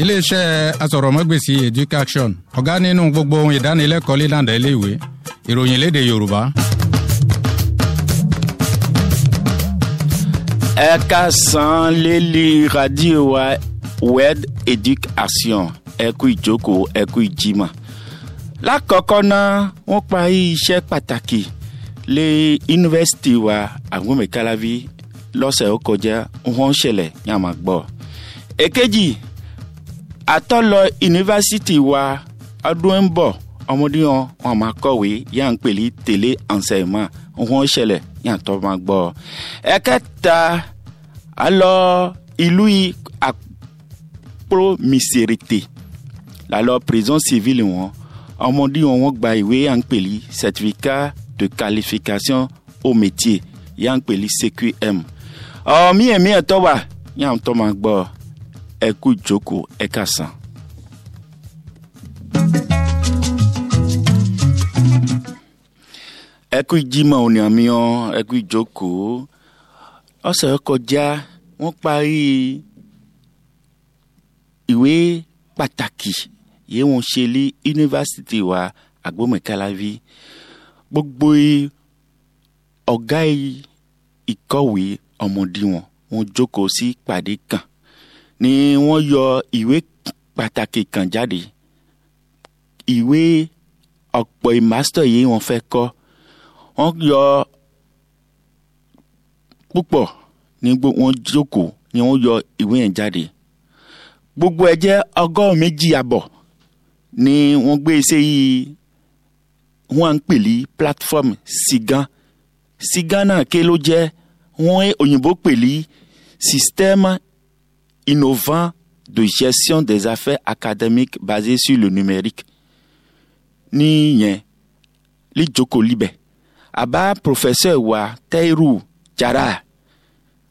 iléeṣẹ́ asọ̀rọ̀mọ́gbèsì education ọ̀gá nínú gbogbo ohun ìdánilẹ́kọ̀ọ́ lílànà iléèwé ìròyìn léde yorùbá. ẹ ká san lélí rédíò wa wed education ẹ kú ìjókòó ẹ kú ìjímọ̀. lákọ̀ọ́kọ́ náà wọ́n parí iṣẹ́ pàtàkì lé yunifásitì wa Agunnmekalavi lọ́sẹ̀ ó kọjá wọ́n ń ṣẹlẹ̀ yàmà gbọ́. èkejì. E àtọ́ lọ yunifásitì wa ọdún ń bọ̀ ọmọdé wọn wọn máa kọ̀wé yà ń pèlí télé enseignement wọn ṣẹlẹ̀ yà ń tọ́ máa gbọ́ ẹ̀kẹta alọ ìlú yìí àpò mísèrètè lálọ prison civile wọn ọmọdé wọn wọn gba ìwé yà ń pèlí certificat de qualification au métier yà ń pèlí CQM ọ̀ míyẹ̀míyẹ̀ tọ́ wa yà ń tọ́ máa gbọ́ ọ ẹ kú ìjókòó ẹ kásán. ẹ kú ìjímọ̀ òní àmì ọ ẹ kú ìjókòó ọ̀sẹ̀ ọkọjá wọ́n parí ìwé pàtàkì yìí wọ́n ṣe ní yunifásitì wa agbómìkálávi gbogbo ọ̀gá ìkọ̀wé ọmọdé wọn wọ́n jókòó sí pàdé kan ni wọ́n yọ ìwé pàtàkì kan jáde ìwé ọ̀pọ̀ ìmásítọ̀ yìí wọ́n fẹ́ kọ́ wọ́n yọ púpọ̀ ní wọ́n jókòó ni wọ́n yọ ìwé yẹn jáde gbogbo ẹ jẹ́ ọgọ́rùn méjì àbọ̀ ni wọ́n gbé iṣẹ́ e yìí wọ́n ń pè ní platform sigan sigan náà ké ló jẹ́ wọ́n òyìnbó pè ní system innovant de gestion des affaires académiques basées sur le numérique ni yẹn li joko libẹ àbá professeur wa Tairu Jara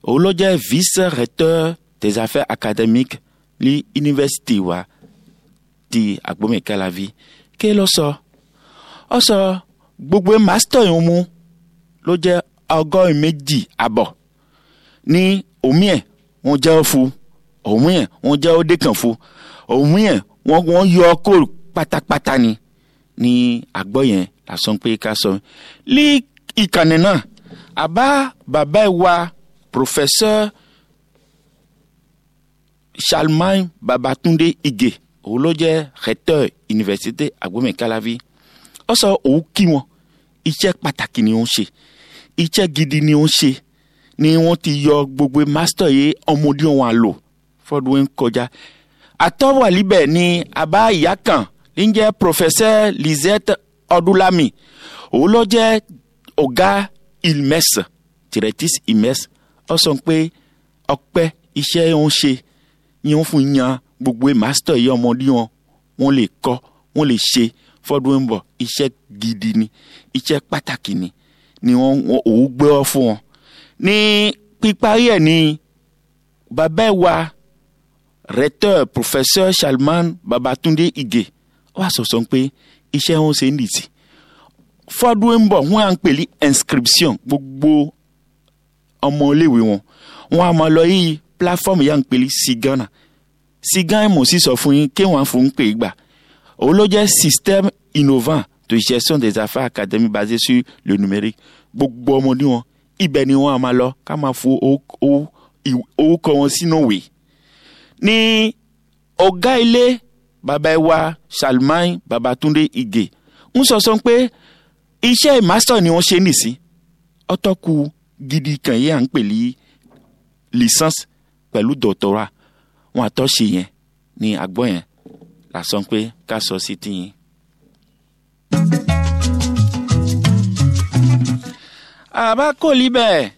òun vice recteur des affaires académiques li university wa ti agbomekalavi ké ló sọ ọ sọ gbogbo master yìí mú ló jẹ́ ọgọ́rin méjì àbọ̀ ní omiẹ̀ on jẹ́ fún òun yẹn wọ́n jẹ́ ó dékànfo òun yẹn wọ́n wọ́n yọ ọ́ pátápátá ni ní àgbọ̀ yẹn lásán pé ká sọ. lí ìkànnì náà àbá bàbá ẹ̀ wa pòfẹ́sọ̀ Charlemagne Babatunde Ige òun ló jẹ́ recteur yunifásitì agbomekalavi ó sọ òun kí wọn iṣẹ́ pàtàkì ni wọ́n ṣe iṣẹ́ gidi ni wọ́n ṣe ni wọ́n ti yọ gbogbo master yìí ọmọdé wọn lò fɔduwe kɔdza atɔwɔ alibɛ ni aba yakan níjẹ́ professeur lisette ọdúnlami òun oga jẹ́ ọ̀gá ilmes tiretis ilmes ọ sọ pé ọpẹ́ iṣẹ́ ń ṣe ni wọ́n fún yan gbogbo master yìí ọmọdé wọn wọ́n lè kọ́ wọ́n lè ṣe fọ́dún ń bọ̀ iṣẹ́ gidi ni iṣẹ́ pàtàkì ni ni wọ́n òun gbé ọ fún wọn ní píparí ẹ̀ ni bàbá ẹ̀ Rector, professeur Shalman Babatunde Ige wà sọ̀sọ̀ pé iṣẹ́ wọn ṣe ń dìtì fọ́dún ń bọ̀ wọ́n à ń pè ní inscription gbogbo ọmọ iléèwé wọn wọ́n á máa lọ yí platform yà ń pè ní sigana sigana mọ̀ sí sọ fún yín kéwọn fún un pè é gbà òun ló jẹ́ système innovant de gestion des affaires académiques basé sur le numérique gbogbo ọmọdé wọn ibẹ̀ ni wọ́n á máa lọ ká máa fo owó kọ wọn sínú òwe. Ni ọ̀gá ilé bàbá ẹwà salman babatunde ige ń sọ sọ pé iṣẹ́ ìmásítọ̀ ni wọ́n ṣe nìsín ọtọ́kù gidi kan yìí à ń pè ní licence pẹ̀lú dọ̀tọ́ra wọn àtọ́ṣe yẹn ní agbọ́ yẹn lásán pé ká sọ sí tìyín. àbá kò rí bẹ́ẹ̀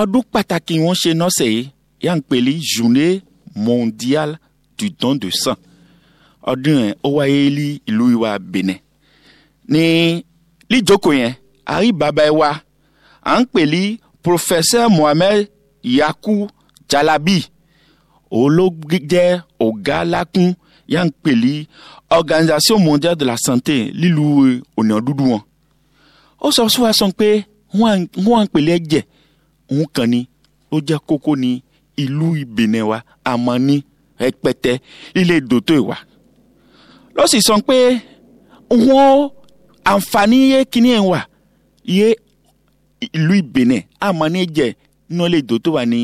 ọdún pàtàkì wọn ṣe nọ́ọ̀sẹ̀ yìí ya ń pèlè journée mondiale du don de sang ọdún yẹn ó wáyé ní ìlú ìwà Benin ní lijoko yẹn àrí bàbá ẹ wa à ń pèlè professeur Mohammed Yaku Jalabi òun ló jẹ́ ọ̀gá ya ń pèlè organisation mondiale de la santé lílu ọ̀nà dúdú wọn ó sọ fún wa sọ pé wọn à ń pèlè ẹ̀jẹ̀ òun kàn ní ó jẹ́ kókó ni ìlú Benin wa àmọ́ ní ẹpẹtẹ ilé dòtó ìwà ló sì sọ pé wọn àǹfààní yé kíní ẹ̀ wà yé ìlú Benin àmọ́ ní jẹ́ ní ilé dòtó wà ní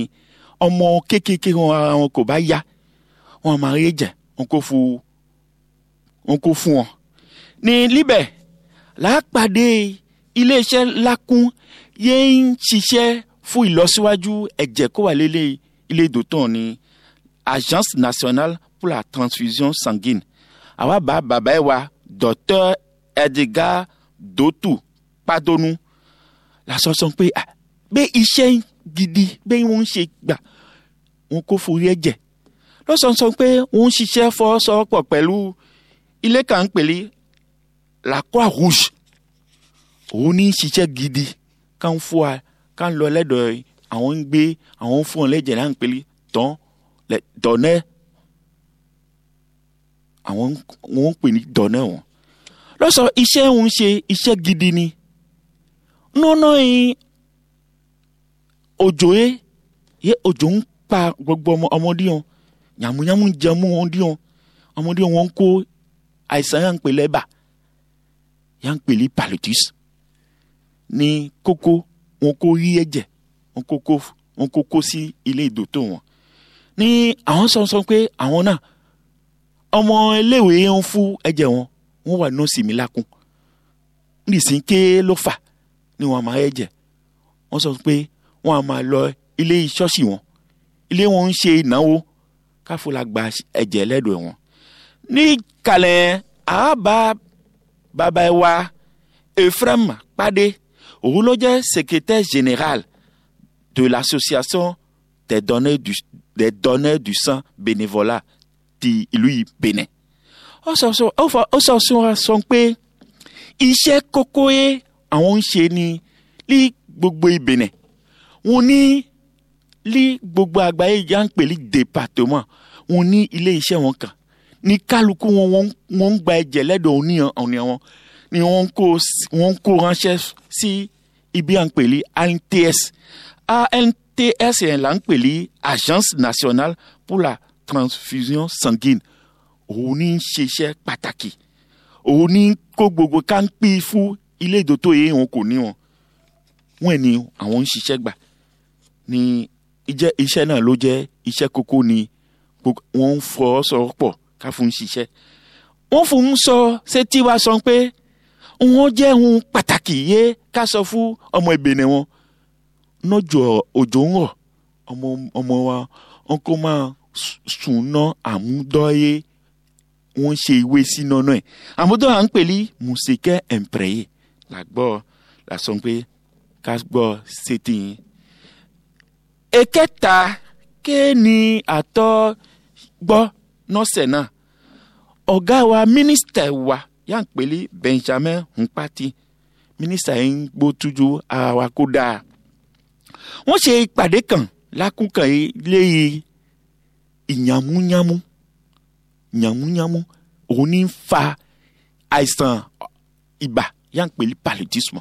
ọmọ kéékèèké wọn ara wọn kò bá yá wọn máa rí jẹ wọn kò fún wọn kò fún wọn ní libẹ̀ làápàdé iléeṣẹ́ lákún yẹn ń ṣiṣẹ́ fún ìlọsíwájú ẹ̀jẹ̀ kó wà lélẹ́yìí il est doton ni agence nationale pour la transfusion sanguine àwa bá bàbá wa docteur Edgar Dotu Padonu la sọ sọ pé bẹ́ẹ̀ iṣẹ́ gidi bẹ́ẹ̀ wọ́n ń ṣe gbà wọn kò forí ẹ̀ jẹ́ lọ́sọ̀ọ́sọ pé wọ́n ń ṣiṣẹ́ fọ́sọ́pọ̀ pẹ̀lú ilé kan pèlè la croix rouge òun ní ṣiṣẹ́ gidi kan fún wa kan lọ lẹ́dọ̀ọ́ àwọn ń gbé àwọn ń fún ọ lẹ́jẹ̀ náà ń pèlè tán lẹ dọ̀nẹ́ àwọn wọn ń pè ní dọ̀nẹ́ wọn lọ́sọ̀ iṣẹ́ ń ṣe iṣẹ́ gidi ni nọ́nà yìí òjò yẹ yẹ òjò ń pa gbogbo ọmọdé wọn yàmúyàmú jẹmú ọmọdé wọn ọmọdé wọn ń kó àìsàn yà ń pè lẹ́bà yà ń pè ní pallitis ní kókó wọn kó rí ẹ̀jẹ̀ wọ́n kókó wọ́n kókó sí ilé ìdòtò wọn ní àwọn sọ̀nsọ̀n pé àwọn náà ọmọ iléèwé ń fún ẹ̀jẹ̀ wọn wọ́n wà nọ́ọ̀sì mi lákùn nìsín ké ló fà ni wọ́n máa ẹ̀jẹ̀ wọ́n sọ pé wọ́n á máa lọ ilé ṣọ́ọ̀ṣì wọn ilé wọn ń ṣe ìnáwó káfó la gba ẹ̀jẹ̀ lẹ́dọ̀ wọn ní kalẹ̀ àbá bàbá wa Ephraim Pade òun ló jẹ́ secrétaire général de l'association des donneurs du, des donneurs du sang bénévolat ti ìlú yìí Benin. ó sọ sọ ó sọ sọ wa sọ pé iṣẹ́ kókó yẹ àwọn ń ṣe ni ní gbogbo Benin wọ́n ní ní gbogbo àgbáyé yà ń pè ní département wọ́n ní ilé iṣẹ́ wọn kan ní kálukú wọn wọ́n ń gba ẹ̀jẹ̀ lẹ́dọ̀ òníyàn ọ̀nìyàn wọn ni wọ́n kó wọ́n kó ránṣẹ́ sí ibi à ń pè ní ANTS ANTSN là ń pè ní Agence Nationale pour la Transfusion Sanguine òun ní í ṣiṣẹ́ pàtàkì òun ní kó gbogbo káńpì fún ilé ìdótó yìí òun kò ní wọn wọn ni àwọn ń ṣiṣẹ́ gbà ní iṣẹ́ náà ló jẹ́ iṣẹ́ kókó ni wọ́n ń fọ́ sọ̀rọ̀ pọ̀ ká fún un ṣiṣẹ́ wọ́n fún un sọ ṣé tí wàá sọ pé wọ́n jẹ́ ohun pàtàkì yé ká sọ fún ọmọ ìbènè wọn nọ́jọ́ òjò ń rọ̀ ọmọ ọmọ wa wọn kò máa sùn ná àmúdọ́yé wọ́n ṣe ìwé síná náà ẹ̀ àmúdọ́ à ń pè ní mùsíkẹ́ ẹ̀ǹpẹ̀rẹ̀yẹ làgbọ́ làsọ pé ká gbọ́ sétí yín. ẹ̀kẹta ké ni àtọ́ gbọ́ nọ́ọ̀sẹ̀ náà ọ̀gá wa mínísítà wa yà ń pè Benjamin Nkpati mínísítà yẹn ń gbótújú ara kó dáa wọ́n ṣe ìpàdé kan lákùnkàn ilé ìyàmúyàmú ìyàmúyàmú òun ní fa àìsàn ibà yànpẹ̀lẹ̀ paludisme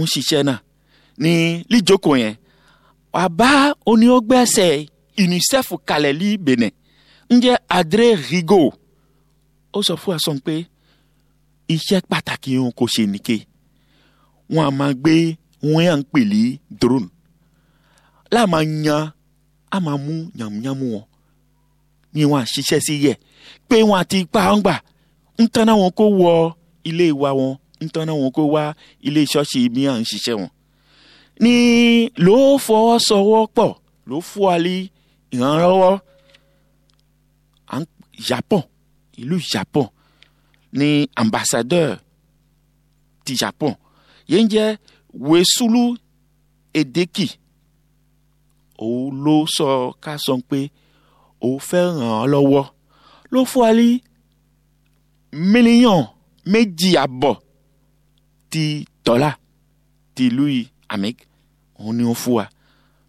ń ṣiṣẹ́ náà ní líjókòó yẹn wàá bá oníwọ́gbẹ́sẹ̀ unicef kalẹ̀ ní benin ń jẹ́ adré rigo ó sọ fún asọ́n pé iṣẹ́ pàtàkì yẹn kò ṣe nìke wọn a máa gbé wọn yà ń pèlè drone láà máa yan á máa mú yàmúyàmú wọn ni wọn àṣiṣẹ́ sí yẹ pé wọn àti ipa ń gbà ń tanná wọn kó wọ ilé wa wọn ń tanná wọn kó wá ilé ṣọ́ọ̀ṣì mi à ń ṣiṣẹ́ wọn ni ló fọwọ́sowọ́pọ̀ ló fún alẹ́ ìrànlọ́wọ́ Japan ìlú Japan ni ambassadeur ti Japan yẹn jẹ́ wesulu edeki òun ló sọ ká sọ pé òun fẹ́ ràn án lọ́wọ́ ló fún wa ní mílíọ̀n méjì àbọ̀ ti dọ́là ti ìlú amik òun ni ó fún wa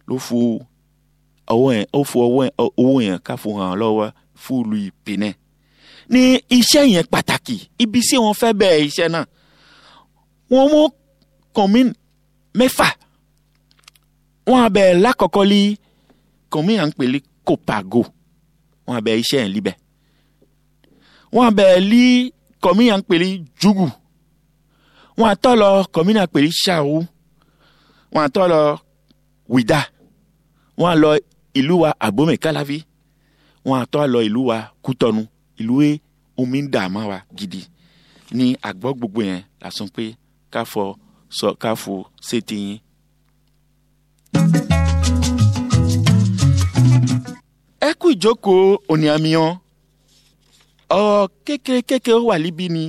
ló fún owó yẹn ó fún owó yẹn ká fún ràn án lọ́wọ́ fún ìlú benin ní iṣẹ́ yẹn pàtàkì ibi tí wọ́n fẹ́ bẹ̀rẹ̀ iṣẹ́ náà wọ́n mú commune mẹ́fà wọn abẹ lákọ̀ọ́kọ́ lé commune à ń pèlè Copago wọn abẹ iṣẹ́ yẹn líbẹ̀ wọn abẹ lé commune à ń pèlè Jugu wọn atọ́ lọ commune à ń pèlè Chao wọn atọ́ lọ wọn lọ ìlú wa Abome Kalavi wọn atọ́ lọ ìlú wa Kútọ́nù ìlú yẹn e omi ń wa gidi ni àgbọ̀ gbogbo yẹn lásán pé ká sọ̀káfo sétí yín. ẹ kú ìjókòó òní àmìyàn ọ̀rọ̀ kékeré kékeré wà níbí ni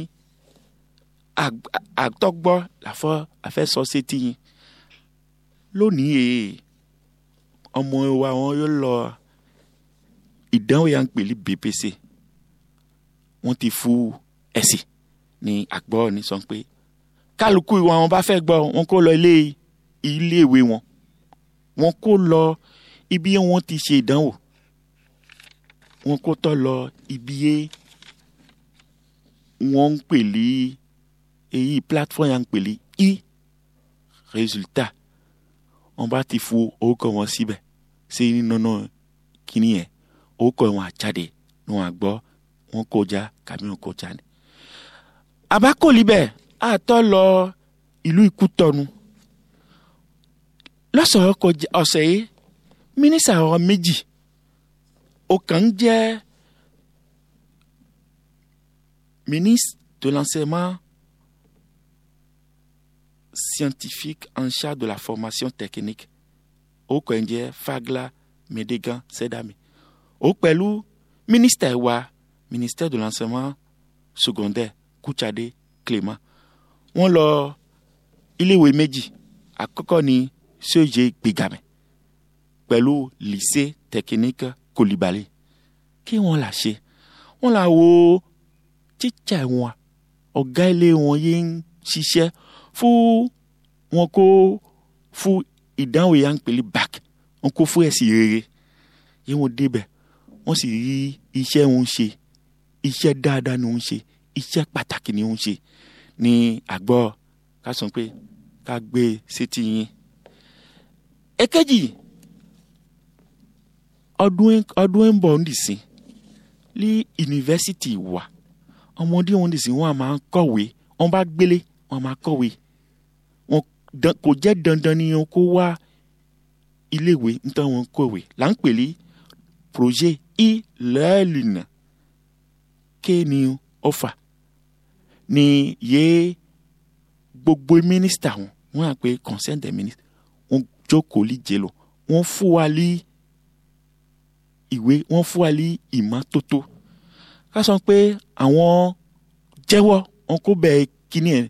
àtọ́gbọ́ làfọ́ àfẹ́sọ sétí yín lónìí yìí e, ọmọ wa wọn yóò lọ ìdánwò yà ń pè ní BPC wọ́n ti fu ẹ̀sìn ni àgbọ̀ ní sọ pé kálukú wọn wọn bá fẹ́ gbọ́ wọn kó lọ ilé iléèwé wọn wọn kó lọ ibi wọn ti ṣe ìdánwò wọn kó tọ́ lọ ibi wọn ń pè lé èyí platform yà ń pè lé i résultat wọn bá ti fo orúkọ wọn síbẹ̀ ṣé nínú kíní yẹn orúkọ wọn àjáde ni wọn àgbọ́ wọn kọjá kàmí wọn kọjá ni. àbá kò rí bẹ́ẹ̀ àtọ́ lọ ìlú Ìkútọ̀nù lọ́sọ̀rọ̀ kọjá ọ̀sẹ̀ yìí mínísà ọ̀rọ̀ méjì ọ̀kan ń jẹ́ ministre de l'enseignement scientifique en charge de la formation technique ọ̀kan ń Fagla Medegan Sedami ó pẹ̀lú mínísítà wa ministère de l'enseignement secondaire Kúchadé Clément wọ́n lọ iléèwé méjì àkọ́kọ́ ní sóje gbẹgàmẹ pẹ̀lú lycée technique Koulibaly kí wọ́n là ṣe wọ́n là wo títsà wọn ọ̀gá ilé wọn yìí ń ṣiṣẹ́ fún wọn kó fún ìdánwò yà ń pèlè bac wọn kó fún ẹ̀sìn rere yìí wọ́n débẹ̀ wọ́n sì rí iṣẹ́ wọn ṣe iṣẹ́ dáadáa ni wọ́n ṣe iṣẹ́ pàtàkì ni wọ́n ṣe ní àgbọ́ ká sọ pé ká gbé sétí yín. èkejì ọdún ọdún ń bọ̀ ń sí ní yunifásitì wa ọmọdé wọn dì sí wọn máa ń kọ̀wé wọn bá gbélé wọn máa kọ̀wé wọn kò jẹ́ dandan ni wọn kó wá iléèwé nítorí wọn kọ̀wé là ń pè projet ilẹ̀ ìlànà kéènì ọ̀fà ni yéé gbogbo mínísítà wọn wọn à consent the minister wọn jókòó líje lọ wọn fún wa lé ìwé wọn fún wa lé ìmọ́tótó ká sọ pé àwọn jẹ́wọ́ wọn kó bẹ kíní ẹ̀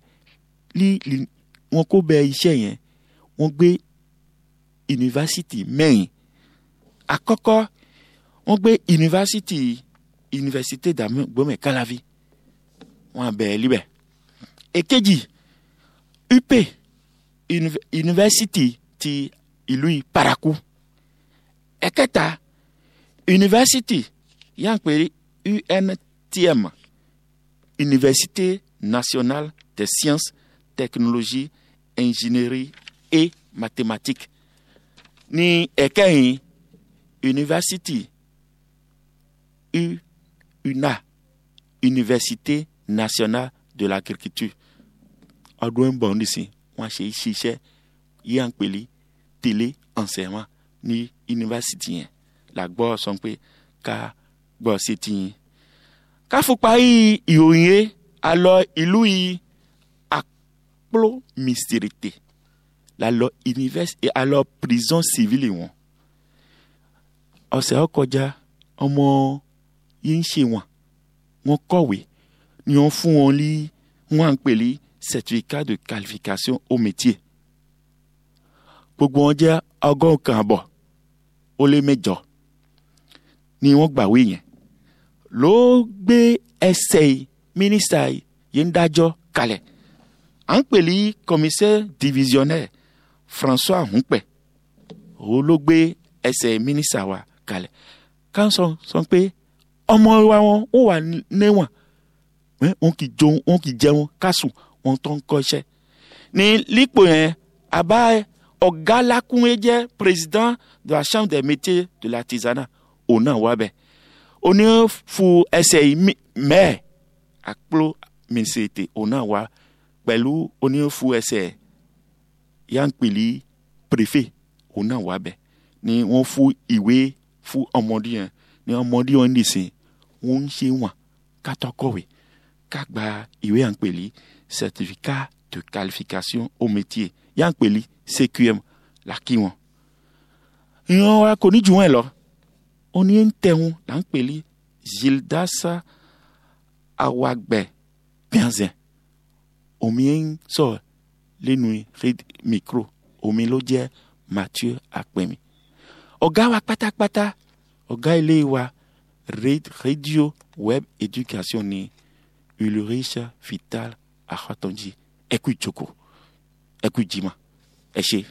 lí wọn kó bẹ iṣẹ́ yẹn wọn gbé yunifásitì mẹ́rin àkọ́kọ́ wọn gbé yunifásitì yunifásitì dàmú gbọ́mẹ̀ kálávi wọn bẹ̀ẹ́ libẹ̀ èkejì UP yunifásitì e, ti ìlú Paraku ẹ̀kẹta yunifásitì yàn UNTM Université nationale des sciences technologies ingénierie et mathématiques Ni ẹ̀kẹyìn yunifásitì UNA Université national de l'agriculture ọdún ń bọ̀ nísìn wọ́n ṣe ṣiṣẹ́ yí à ń pèlè télé enseignement ní yunifásitì yẹn la gbọ́ sọ pé ká gbọ́ sí tiyín. káfùpá yìí ìròyìn yẹn a lọ ìlú yìí àpò mìsírìtì la lọ yunifásitì a lọ prison civile wọn. ọ̀sẹ̀ ọkọjá ọmọ yìí ń ṣe wọn wọ́n kọ̀wé ni wọ́n fún wọn lé wọ́n à ń pè ní certificat de qualification au métier gbogbo wọn jẹ́ ọgọ́rùn kan àbọ̀ ó lé mẹ́jọ ni wọ́n gbàwé yẹn ló gbé ẹsẹ̀ mínísítà yìí ń dájọ́ kalẹ̀ à ń pè commissaire divisionnaire François Hunpẹ òun ló gbé ẹsẹ̀ mínísítà wa kalẹ̀ ká sọ sọ pé ọmọ wa wọn ó wà níwọ̀n wọn kì í jòun wọn kì í jẹun kásùn wọn tó ń kọ́ṣẹ́ ní lípò yẹn àbá ọ̀gá lakunye jẹ́ président de la chambre des métiers de l'artisanat òun náà wà bẹ́ẹ̀ òun ni fu ẹsẹ̀ yìí mẹ́ẹ̀ àkplo mìsètè òun náà wà pẹ̀lú òun ni fu ẹsẹ̀ yankpili préfet òun náà wà bẹ́ẹ̀ ni wọ́n fu ìwé fu ọmọdé yẹn ni ọmọdé yẹn nìsín wọ́n ń ṣe wọn kátó ka gba ìwé à ń pè ní certificat de qualification au métier yà ń pè ní CQM là kí wọn. ìran wa kò ní jù wọn lọ ó ní ń tẹ̀wọ̀n là ń pè ní Zildasa Awagbe Bianzen omi ń sọ̀rọ̀ lẹ́nu micro omi ló jẹ́ Mathieu Akpemi ọ̀gá wa pátápátá ọ̀gá ilé wa radio web education ni Ulrich Vital Achatonji. Écoute, Choco. Écoute, Dima. Échec.